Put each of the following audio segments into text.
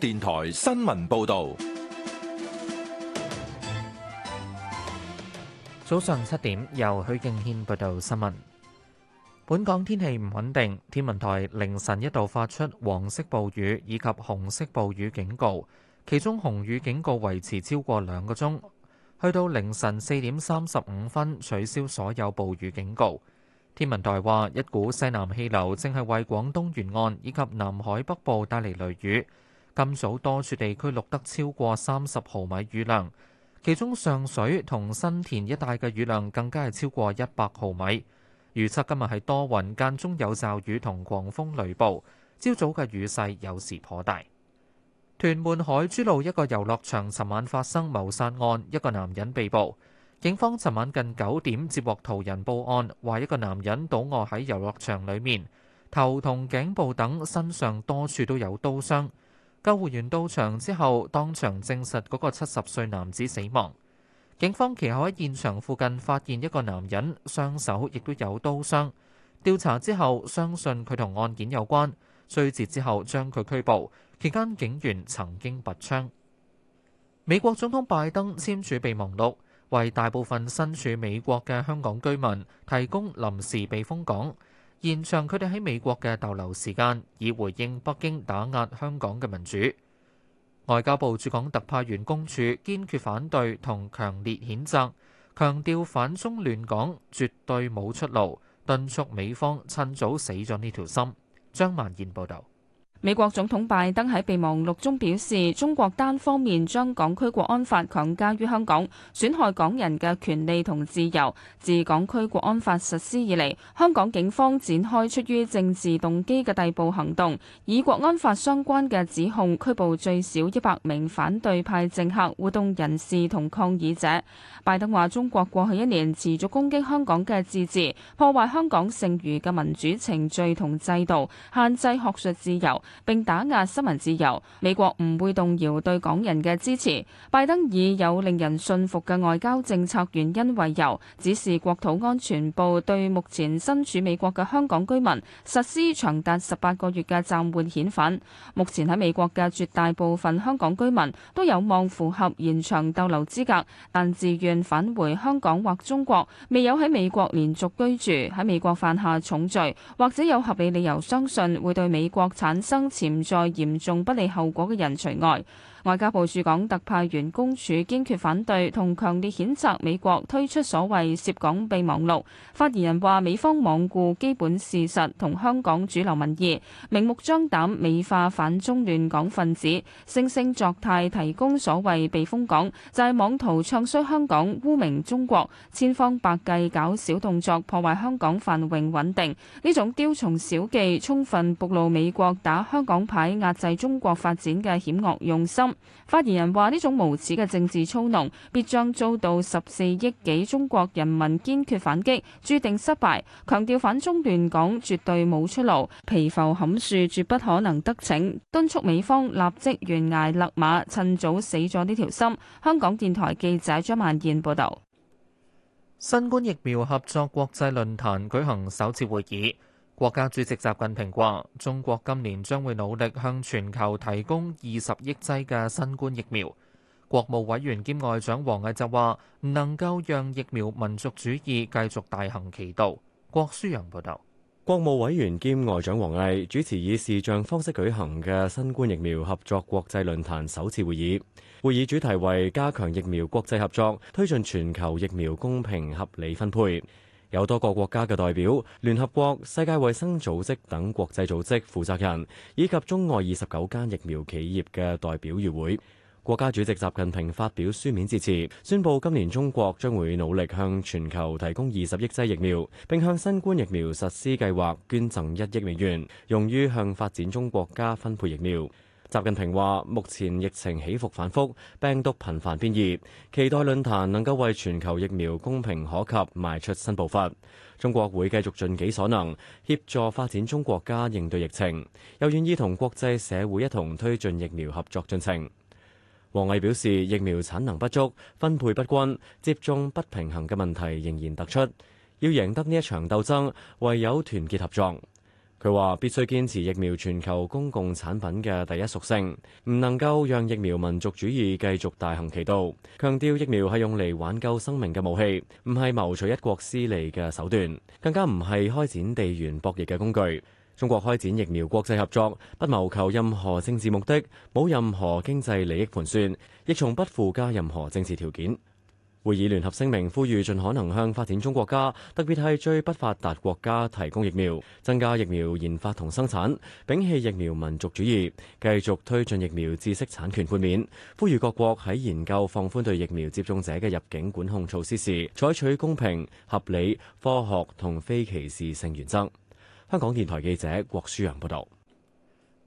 電台新聞報道，早上七點由許敬軒報道新聞。本港天氣唔穩定，天文台凌晨一度發出黃色暴雨以及紅色暴雨警告，其中紅雨警告維持超過兩個鐘，去到凌晨四點三十五分取消所有暴雨警告。天文台話，一股西南氣流正係為廣東沿岸以及南海北部帶嚟雷雨。今早多處地區錄得超過三十毫米雨量，其中上水同新田一帶嘅雨量更加係超過一百毫米。預測今日係多雲，間中有驟雨同狂風雷暴。朝早嘅雨勢有時頗大。屯門海珠路一個遊樂場，尋晚發生謀殺案，一個男人被捕。警方尋晚近九點接獲途人報案，話一個男人倒臥喺遊樂場裏面，頭同頸部等身上多處都有刀傷。救護員到場之後，當場證實嗰個七十歲男子死亡。警方其後喺現場附近發現一個男人，雙手亦都有刀傷。調查之後，相信佢同案件有關，追截之後將佢拘捕。期間警員曾經拔槍。美國總統拜登簽署備忘錄，為大部分身處美國嘅香港居民提供臨時避風港。延長佢哋喺美國嘅逗留時間，以回應北京打壓香港嘅民主。外交部駐港特派員公署堅決反對同強烈譴責，強調反中亂港絕對冇出路，敦促美方趁早死咗呢條心。張萬燕報導。美國總統拜登喺備忘錄中表示，中國單方面將港區國安法強加於香港，損害港人嘅權利同自由。自港區國安法實施以嚟，香港警方展開出於政治動機嘅逮捕行動，以國安法相關嘅指控拘捕最少一百名反對派政客、活動人士同抗議者。拜登話，中國過去一年持續攻擊香港嘅自治，破壞香港剩餘嘅民主程序同制度，限制學術自由。並打壓新聞自由，美國唔會動搖對港人嘅支持。拜登以有令人信服嘅外交政策原因為由，指示國土安全部對目前身處美國嘅香港居民實施長達十八個月嘅暫緩遣返。目前喺美國嘅絕大部分香港居民都有望符合延長逗留資格，但自願返回香港或中國，未有喺美國連續居住，喺美國犯下重罪，或者有合理理由相信會對美國產生。潛在嚴重不利後果嘅人除外。外交部駐港特派員公署堅決反對同強烈譴責美國推出所謂涉港備忘錄。發言人話：美方罔顧基本事實同香港主流民意，明目張膽美化反中亂港分子，惺惺作態提供所謂避風港，就係、是、妄圖唱衰香港、污名中國，千方百計搞小動作破壞香港繁榮穩定。呢種雕蟲小技，充分暴露美國打香港牌壓制中國發展嘅險惡用心。發言人話：呢種無恥嘅政治操弄，必將遭到十四億幾中國人民堅決反擊，注定失敗。強調反中亂港絕對冇出路，蚍蜉撼樹絕不可能得逞。敦促美方立即懸崖勒馬，趁早死咗呢條心。香港電台記者張曼燕報道。新冠疫苗合作國際論壇舉行首次會議。國家主席習近平話：中國今年將會努力向全球提供二十億劑嘅新冠疫苗。國務委員兼外長王毅就話：唔能夠讓疫苗民族主義繼續大行其道。郭舒陽報道。國務委員兼外長王毅主持以視像方式舉行嘅新冠疫苗合作國際論壇首次會議，會議主題為加強疫苗國際合作，推進全球疫苗公平合理分配。有多個國家嘅代表、聯合國、世界衛生組織等國際組織負責人，以及中外二十九間疫苗企業嘅代表與會。國家主席習近平發表書面致辭，宣布今年中國將會努力向全球提供二十億劑疫苗，並向新冠疫苗實施計劃捐贈一億美元，用於向發展中國家分配疫苗。習近平話：目前疫情起伏反覆，病毒頻繁變異，期待論壇能夠為全球疫苗公平可及邁出新步伐。中國會繼續盡己所能協助發展中國家應對疫情，又願意同國際社會一同推進疫苗合作進程。王毅表示，疫苗產能不足、分配不均、接種不平衡嘅問題仍然突出，要贏得呢一場鬥爭，唯有團結合作。佢話必須堅持疫苗全球公共產品嘅第一屬性，唔能夠讓疫苗民族主義繼續大行其道。強調疫苗係用嚟挽救生命嘅武器，唔係謀取一國私利嘅手段，更加唔係開展地緣博弈嘅工具。中國開展疫苗國際合作，不謀求任何政治目的，冇任何經濟利益盤算，亦從不附加任何政治條件。會議聯合聲明呼籲盡可能向發展中國家，特別係最不發達國家提供疫苗，增加疫苗研發同生產，摒棄疫苗民族主義，繼續推進疫苗知識產權豁免，呼籲各國喺研究放寬對疫苗接種者嘅入境管控措施時，採取公平、合理、科學同非歧視性原則。香港電台記者郭舒揚報道。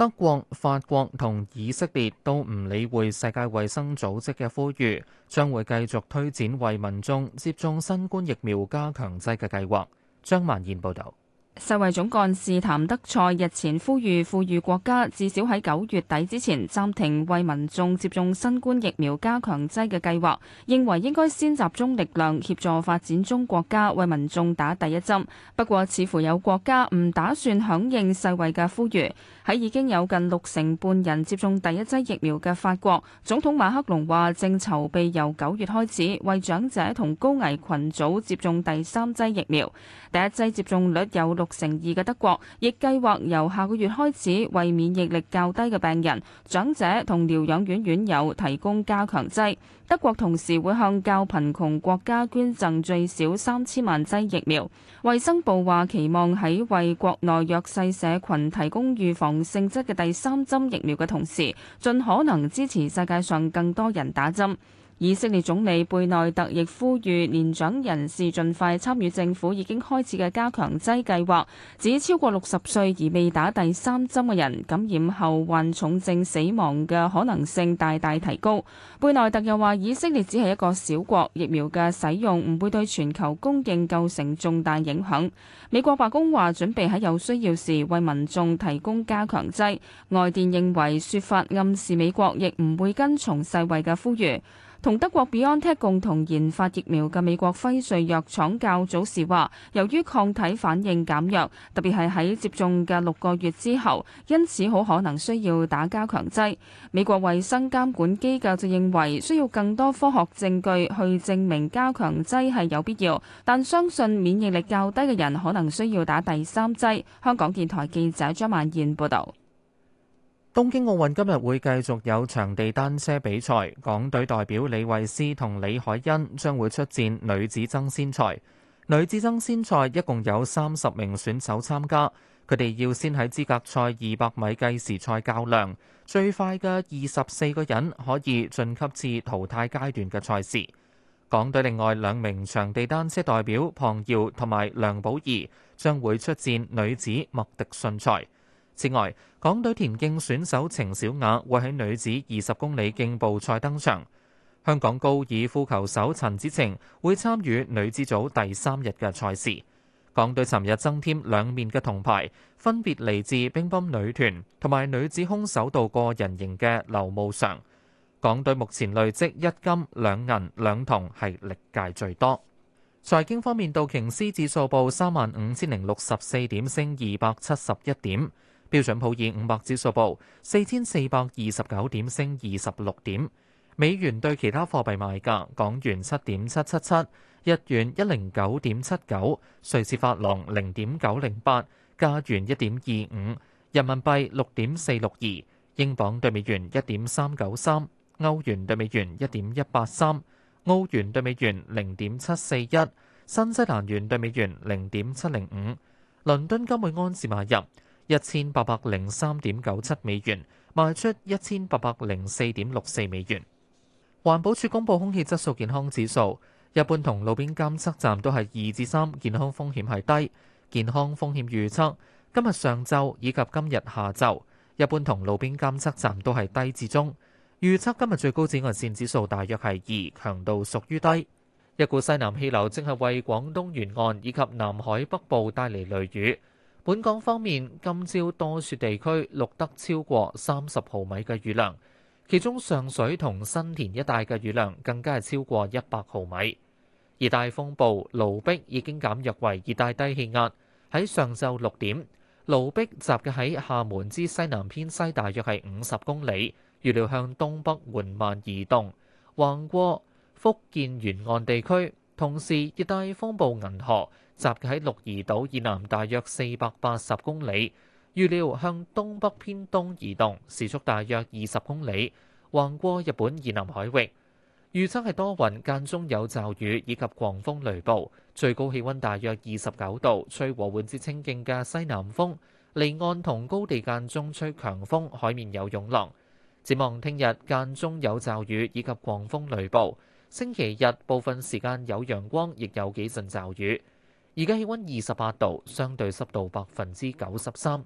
德國、法國同以色列都唔理會世界衛生組織嘅呼籲，將會繼續推展為民眾接種新冠疫苗加強劑嘅計劃。張曼燕報導，世衛總幹事譚德賽日前呼籲富裕國家至少喺九月底之前暫停為民眾接種新冠疫苗加強劑嘅計劃，認為應該先集中力量協助發展中國家為民眾打第一針。不過，似乎有國家唔打算響應世衛嘅呼籲。喺已經有近六成半人接種第一劑疫苗嘅法國，總統馬克龍話正籌備由九月開始，為長者同高危群組接種第三劑疫苗。第一劑接種率有六成二嘅德國，亦計劃由下個月開始，為免疫力較低嘅病人、長者同療養院院友提供加強劑。德國同時會向較貧窮國家捐贈最少三千萬劑疫苗。衛生部話，期望喺為國內弱勢社群提供預防性質嘅第三針疫苗嘅同時，盡可能支持世界上更多人打針。以色列總理貝內特亦呼籲年長人士盡快參與政府已經開始嘅加強劑計劃，指超過六十歲而未打第三針嘅人感染後患重症、死亡嘅可能性大大提高。貝內特又話，以色列只係一個小國，疫苗嘅使用唔會對全球供應構成重大影響。美國白宮話準備喺有需要時為民眾提供加強劑。外電認為說法暗示美國亦唔會跟從世衛嘅呼籲。同德國 BioNTech 共同研發疫苗嘅美國輝瑞藥廠較早時話，由於抗體反應減弱，特別係喺接種嘅六個月之後，因此好可能需要打加強劑。美國衞生監管機構就認為需要更多科學證據去證明加強劑係有必要，但相信免疫力較低嘅人可能需要打第三劑。香港電台記者張曼燕報導。東京奧運今日會繼續有場地單車比賽，港隊代表李慧詩同李海欣將會出戰女子爭先賽。女子爭先賽一共有三十名選手參加，佢哋要先喺資格賽二百米計時賽較量，最快嘅二十四個人可以晉級至淘汰階段嘅賽事。港隊另外兩名場地單車代表龐耀同埋梁寶儀將會出戰女子麥迪遜賽。此外，港隊田徑選手程小雅會喺女子二十公里競步賽登場，香港高爾夫球手陳芷晴會參與女子組第三日嘅賽事。港隊尋日增添兩面嘅銅牌，分別嚟自乒乓女團同埋女子空手道個人型嘅劉慕裳。港隊目前累積一金兩銀兩銅係歷屆最多。財經方面，道瓊斯指數報三萬五千零六十四點，升二百七十一點。標準普爾五百指數報四千四百二十九點，升二十六點。美元對其他貨幣賣價：港元七點七七七，日元一零九點七九，瑞士法郎零點九零八，加元一點二五，人民幣六點四六二，英鎊對美元一點三九三，歐元對美元一點一八三，澳元對美元零點七四一，新西蘭元對美元零點七零五。倫敦金會安時買入。一千八百零三點九七美元，賣出一千八百零四點六四美元。環保署公布空氣質素健康指數，一般同路邊監測站都係二至三，健康風險係低。健康風險預測，今日上晝以及今日下晝，一般同路邊監測站都係低至中。預測今日最高紫外線指數大約係二，強度屬於低。一股西南氣流正係為廣東沿岸以及南海北部帶嚟雷雨。本港方面，今朝多數地區錄得超過三十毫米嘅雨量，其中上水同新田一帶嘅雨量更加係超過一百毫米。熱帶風暴盧碧已經減弱為熱帶低氣壓，喺上晝六點盧碧集結喺廈門之西南偏西，大約係五十公里，預料向東北緩慢移動橫過福建沿岸地區，同時熱帶風暴銀河。集喺鹿兒島以南，大約四百八十公里，預料向東北偏東移動，時速大約二十公里，橫過日本以南海域。預測係多雲間中有驟雨以及狂風雷暴，最高氣溫大約二十九度。吹和緩至清勁嘅西南風，離岸同高地間中吹強風，海面有湧浪。展望聽日間中有驟雨以及狂風雷暴，星期日部分時間有陽光，亦有幾陣驟雨。而家氣溫二十八度，相對濕度百分之九十三。